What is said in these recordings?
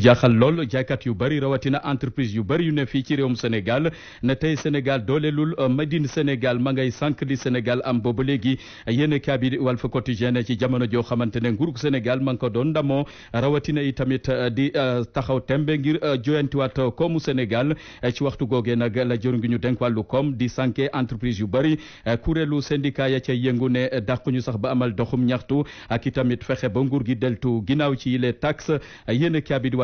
jaaxal lool jaaykat yu bëri rawatina entreprise yu bëri yu ne fii ci réewum Sénégal ne tey Sénégal dooleelul euh, Madine Sénégal ma ngay sànq li Sénégal am bo booba léegi yéen a kaabi Walf Quotidien ci jamono joo xamante ne nguurug Sénégal ma ngi ko doon ndamoo rawatina yi tamit euh, di euh, taxaw tembe ngir joyantiwaat koomu Sénégal ci waxtu googee nag la jëriñ ñu dénk wàllu koom di sànke entreprise yu bëri kuréelu syndicat ya ca yëngu ne dàquñu sax ba amal doxum ñaxtu ak i fexe ba nguur gi deltu ginnaaw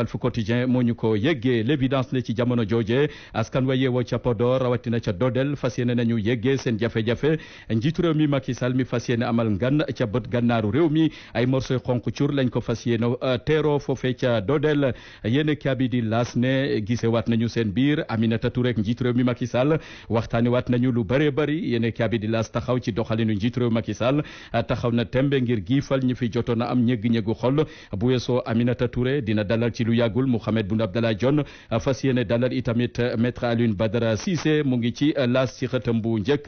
Walf Quotidien moo ñu ko yëggee l'évidence ne ci jamono jooje askan wa yeewoo ca Podor rawatina ca Dodel fas yéene nañu yëggee seen jafe-jafe njiitu réew mi Macky Sall mi fas yéene amal ngan ca bët gànnaaru réew mi ay morsoy xonq cur lañ ko fas yéene euh, teeroo foofee ca Dodel yéen kaabi di laas ne gisewaat nañu seen biir Aminata Touré ak njiitu réew mi Macky Sall waxtaane waat nañu lu bëree bëri yéen kaabi di laas taxaw ci doxalinu njiitu réew Macky Sall euh, taxaw na tembe ngir giifal ñi fi jotoon a am ñëgg-ñëggu xol bu weesoo Aminata Touré dina dalal ci lu yàggul Mouhamed Boun Abdallah Dionne fas yéene dalal itamit maître Alioune Badara Cissé mu ngi ci laas ci xëtam bu njëkk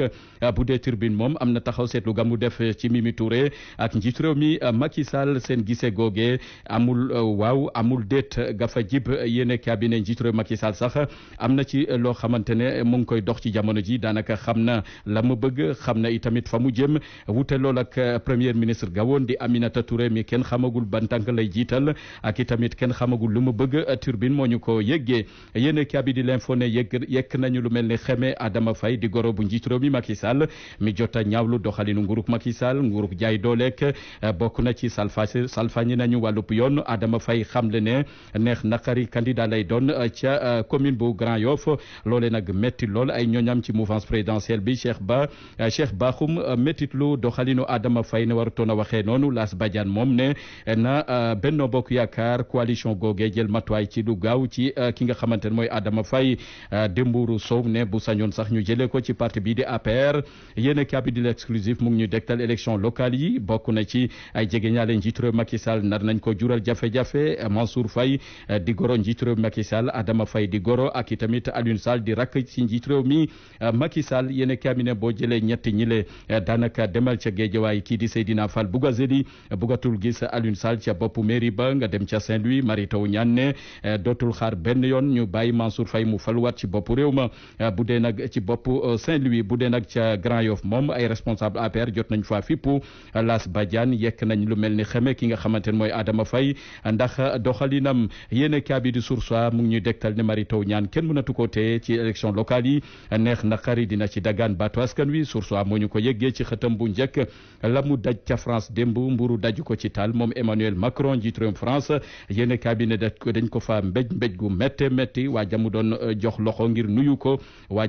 bu dee turbine moom am na taxaw seetlu mu def ci Mimi Touré ak njiitu réew mi Macky Sall seen gise googe amul waaw amul déet gafa jib yéene cabinet njiitu réew Macky Sall sax am na ci loo xamante ne mu ngi koy dox ci jamono ji daanaka xam na la mu bëgg xam na itamit fa mu jëm wute lool ak premier ministre gawoon di Aminata Touré mi kenn xamagul ban lay jiital lu mu bëgg euh, turbine moo ñu ko yëggee yéen kabi di l'info ne yëgg yekk nañu lu mel ni xeme Adama Faye di goro bu njiit réew mi Macky Sall mi jota ñaawlu doxalinu nguurug Macky Sall nguurug jaay dooleek euh, bokk na ci salfañ salfañi nañu wàllub yoon Adama Faye xamle ne neex naqari candidat lay doon euh, ca commune bu Grand Yoff loole nag métti lool ay ñooñam ci mouvance présidentielle bi Cheikh Ba Cheikh Bakhoum méttit lu doxalinu Adama Faye ne warutoon a waxee noonu Las Badiane moom ne na Benno Bokk Yaakaar day jël matuwaay ci lu gaaw ci euh, ki nga ne mooy Adama Faye euh, Dembourou Sow ne bu sañoon sax ñu jëlee ko ci parti bii di APR yéen a kaabi di l'exclusif mu ngi ñu dégtal élection locale yi bokk na ci ay jegeñaale njiitu réew Macky Sall nar nañ ko jural jafe-jafe Mansour Faye euh, di goro njiitu réew Macky Sall Adama fay di goro ak i tamit Aliou Sall di rakk ci njiitu mi Macky Sall yéen a kaabi boo jëlee ñetti ñile daanaka demal ca Géejawaay kii di Seydina Fall Bougazelli bugatul gis ñaan ne eh, dootul xaar benn yoon ñu bàyyi Mansour fay mu faluwaat ci bopp réew ma eh, bu dee nag ci bopp eh, Saint-Louis bu dee nag ca Grand Yoff moom ay responsable APR jot nañ faa fippu Las Badiane yekk nañ lu mel ni xeme ki nga xamante ne mooy Adama fay ndax doxalinam yéen a kaabi di source mu ngi ñuy dégtal ne Mary Teuw Niane kenn mënatu ko te ci élection locale yi neex na xari dina ci dagaan baatu askan wi source moo ñu ko yëggee ci xëtam bu njëkk la mu daj ca France démb mburu daju ko ci taal moom Emmanuel Macron da dañ ko fa mbéj mbéj gu métte métti waaja mu doon euh, jox loxo ngir nuyu ko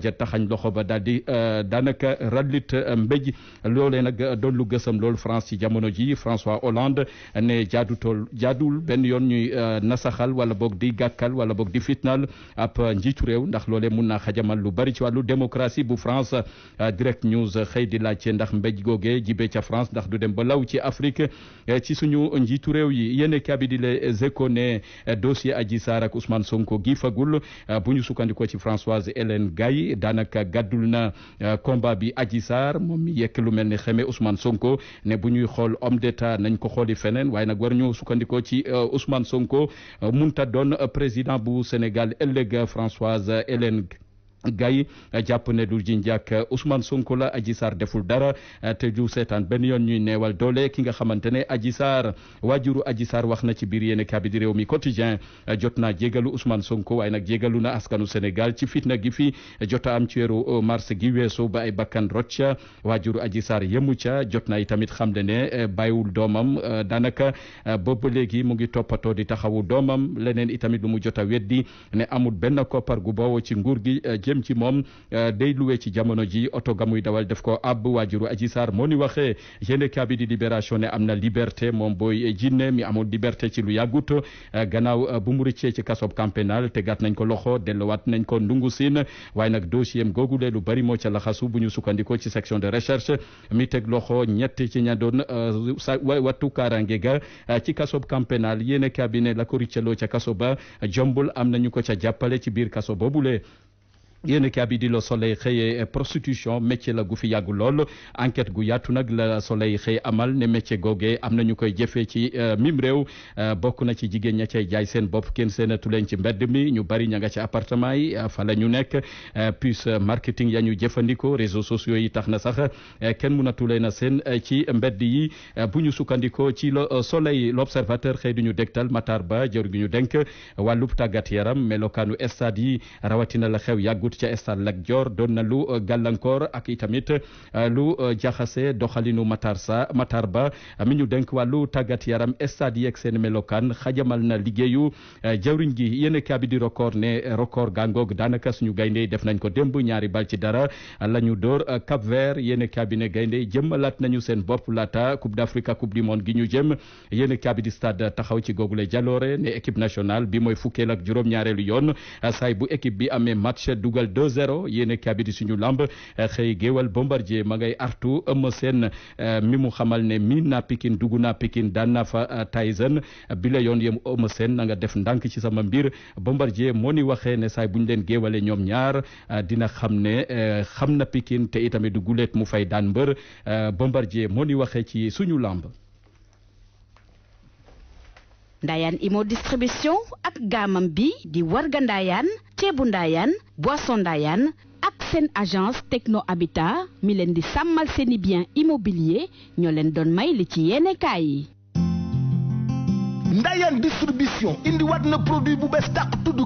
ja taxañ loxo ba daal di euh, daanaka rallit euh, mbéj loole nag doon lu gësam lool France ci jamono ji francois Hollande ne jaadu tool jaaduwul benn yoon ñuy nasaxal wala boog di gàkkal wala boog di fitnaal ab njiitu réew ndax loole mun naa xajamal lu bari ci wàllu démocratie bu France direct news xëy di laajte ndax mbéj googe jibee ca France ndax du dem ba law ci Afrique ci suñu njiitu réew yi yéen Eh, dossier Adji Sarr ak Ousmane Sonko gi fagul eh, bu ñu sukkandikoo ci Françoise Hélène Gaye daanaka gàddul na eh, combat bi aji Sarr moom mi yekk lu mel ne xeme Ousmane Sonko ne bu ñuy xool homme d'état nañ ko xooli feneen waaye nag war ñu sukkandikoo ci Ousmane Sonko munta doon président bu Sénégal ëllëg Françoise Hélène gars yi jàpp ne du jinjàk uh, Ousmane Sonko la Adji Sarr deful dara uh, te ju seetaan benn yoon ñuy neewal doole ki nga xamante ne Adji Sarr waajuru Adji Sarr wax na ci biir yéen kabi réew mi quotidien uh, jot naa jégalu Ousmane Sonko waaye nag jégalu na askanu Sénégal ci fitna gi fi jota am ci weeru mars gi weesu ba ay bakkan rocca waajuru Adji Sarr yemu ca jot naa itamit xam ne ne bàyyiwul doomam daanaka boobu léegi mu ngi toppatoo di taxawu doomam leneen itamit lu mu jot a weddi ne amul benn koppar gu ci nguur jëm ci moom euh, day luwe ci jamono ji oto ga muy dawal def ko ab waajuru aji Sarr moo ni waxee yéen kabi di libération ne am na liberté moom booy jinne mi amoon liberté ci lu yàggut euh, gannaaw euh, bu mu rëccee ci kasob camp pénal tegaat nañ ko loxo delluwaat nañ ko ndungu siin waaye nag dossier am googu lu bari moo ca laxasu bu ñu sukkandikoo ci section de recherche mi teg loxo ñett ci ña doon wattu kaaraange ga ci kasob camp pénal yéen cabinet la ko rëccaloo ca kaso ba jombul am nañu ko ca jàppale ci biir kaso boobule yéen kaa bi di la soleil xëyee prostitution métier la gu fi yàggu lool enquête gu yaatu nag la soleil xëy amal ne métier googee am na ñu koy jëfee ci euh, mim réew euh, bokk na ci jigéen ña cay jaay seen bopp kenn seenatu leen ci mbedd mi ñu bari ña nga ci appartement yi euh, fa la ñu nekk puce marketing ya ñu jëfandikoo réseaux sociaux yi tax na sax kenn mënatu leen a seen ci mbedd yi bu ñu sukkandikoo ci le soleil l'observateur xëy du ñu dégtal Matar Ba jër gi ñu denk wàllub tàggat yaram melokaanu stade yi rawatina la xew yàggu wut ca stade Lat Dior doon na lu euh, gàllankoor ak itamit euh, lu euh, jaxase doxalinu Matar sa Matar Ba mi ñu dénk wàllu tàggat yaram stade yeeg seen melokaan xajamal na liggéeyu jawriñ gi yéen kaabi di record ne record gàngoog daanaka suñu gaynde def nañ ko démb ñaari bal ci dara la ñu dóor Cap Vert yéen kaabi ne gaynde jëmmalaat nañu seen bopp laata Coupe d'Afrique Coupe du Monde gi ñu jëm yéen kaabi di stade taxaw ci googule jaloore ne équipe nationale bi mooy fukkeel ak juróom-ñaareelu yoon dugal 2-0 yéen suñu lamb xëy géewal bombardier ma ngay artu ëmm seen euh, mi mu xamal ne mi na pikin dugg na Pikine daan na fa euh, Tyson bi la yoon yem ëmm seen na nga def ndànk ci sama mbir bombardier moo ni waxee ne saay buñ leen géewale ñoom ñaar euh, dina xam ne xam na pikin te itamit du guleet mu fay daan mbër bombardier moo ni waxee ci suñu lamb. ndaayaan imo distribution ak gaamam bi di warga ndaayaan ceebu ndaayaan boisson ndaayaan ak seen agence techno habitat mi leen di sàmmal seeni bien immobilier ñoo leen doon may li ci yenn yi.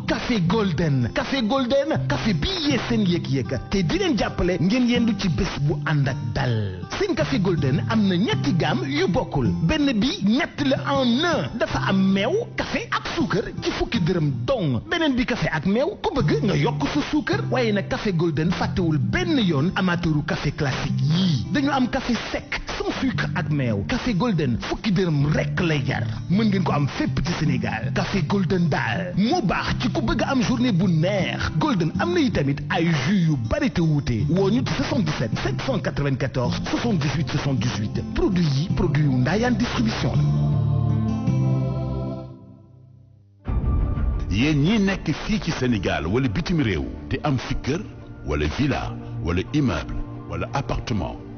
café golden café golden café bii yee seen yëg-yëg te di leen jàppale ngeen yendu ci bés bu ànd ak dal seen café golden am na ñetti gaam yu bokkul benn bi ñett la en na dafa am meew kafe ak suukar ci fukki dërëm dong beneen bi kafe ak meew ku bëgg nga yokk sa suukar waaye nag café golden fàttewul benn yoon amateuru café classique yii dañu am café sec am ak meew café golden fukki dërëm rekk lay jar mën ngeen ko am fépp ci Sénégal café golden daal moo baax ci ku bëgg am journée bu neex golden am na yi tamit ay jus yu bari te wuute woo ñu ci 77 794 78 78 produit yi produit yu Ndayane distribution la yéen ñii nekk fii ci Sénégal wala bitim réew te am fi kër wala villa wala immeuble wala appartement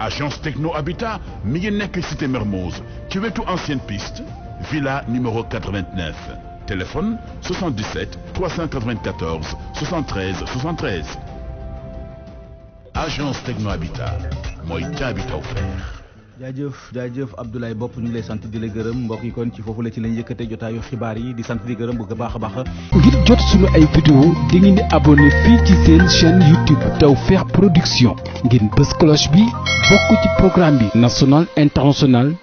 agence techno habitat mi ngi nekk cité Mermoz ci wetu ancienne piste villa numéro 89 téléphone 77 394 73 73 agence techno habitat mooy ca habitat offert jaajëf jaajëf Abdoulaye Bopp ñu lay sant di la gërëm mbokk yi kon ci foofu la ci lañ yëkkatee jotaayu xibaar yi di sant di gërëm bu baax a baax ngir jot suñu ay vidéo di di abonné fii ci seen chaîne YouTube Tawfekh Production ngeen bës cloche bi bokk ci programme bi national international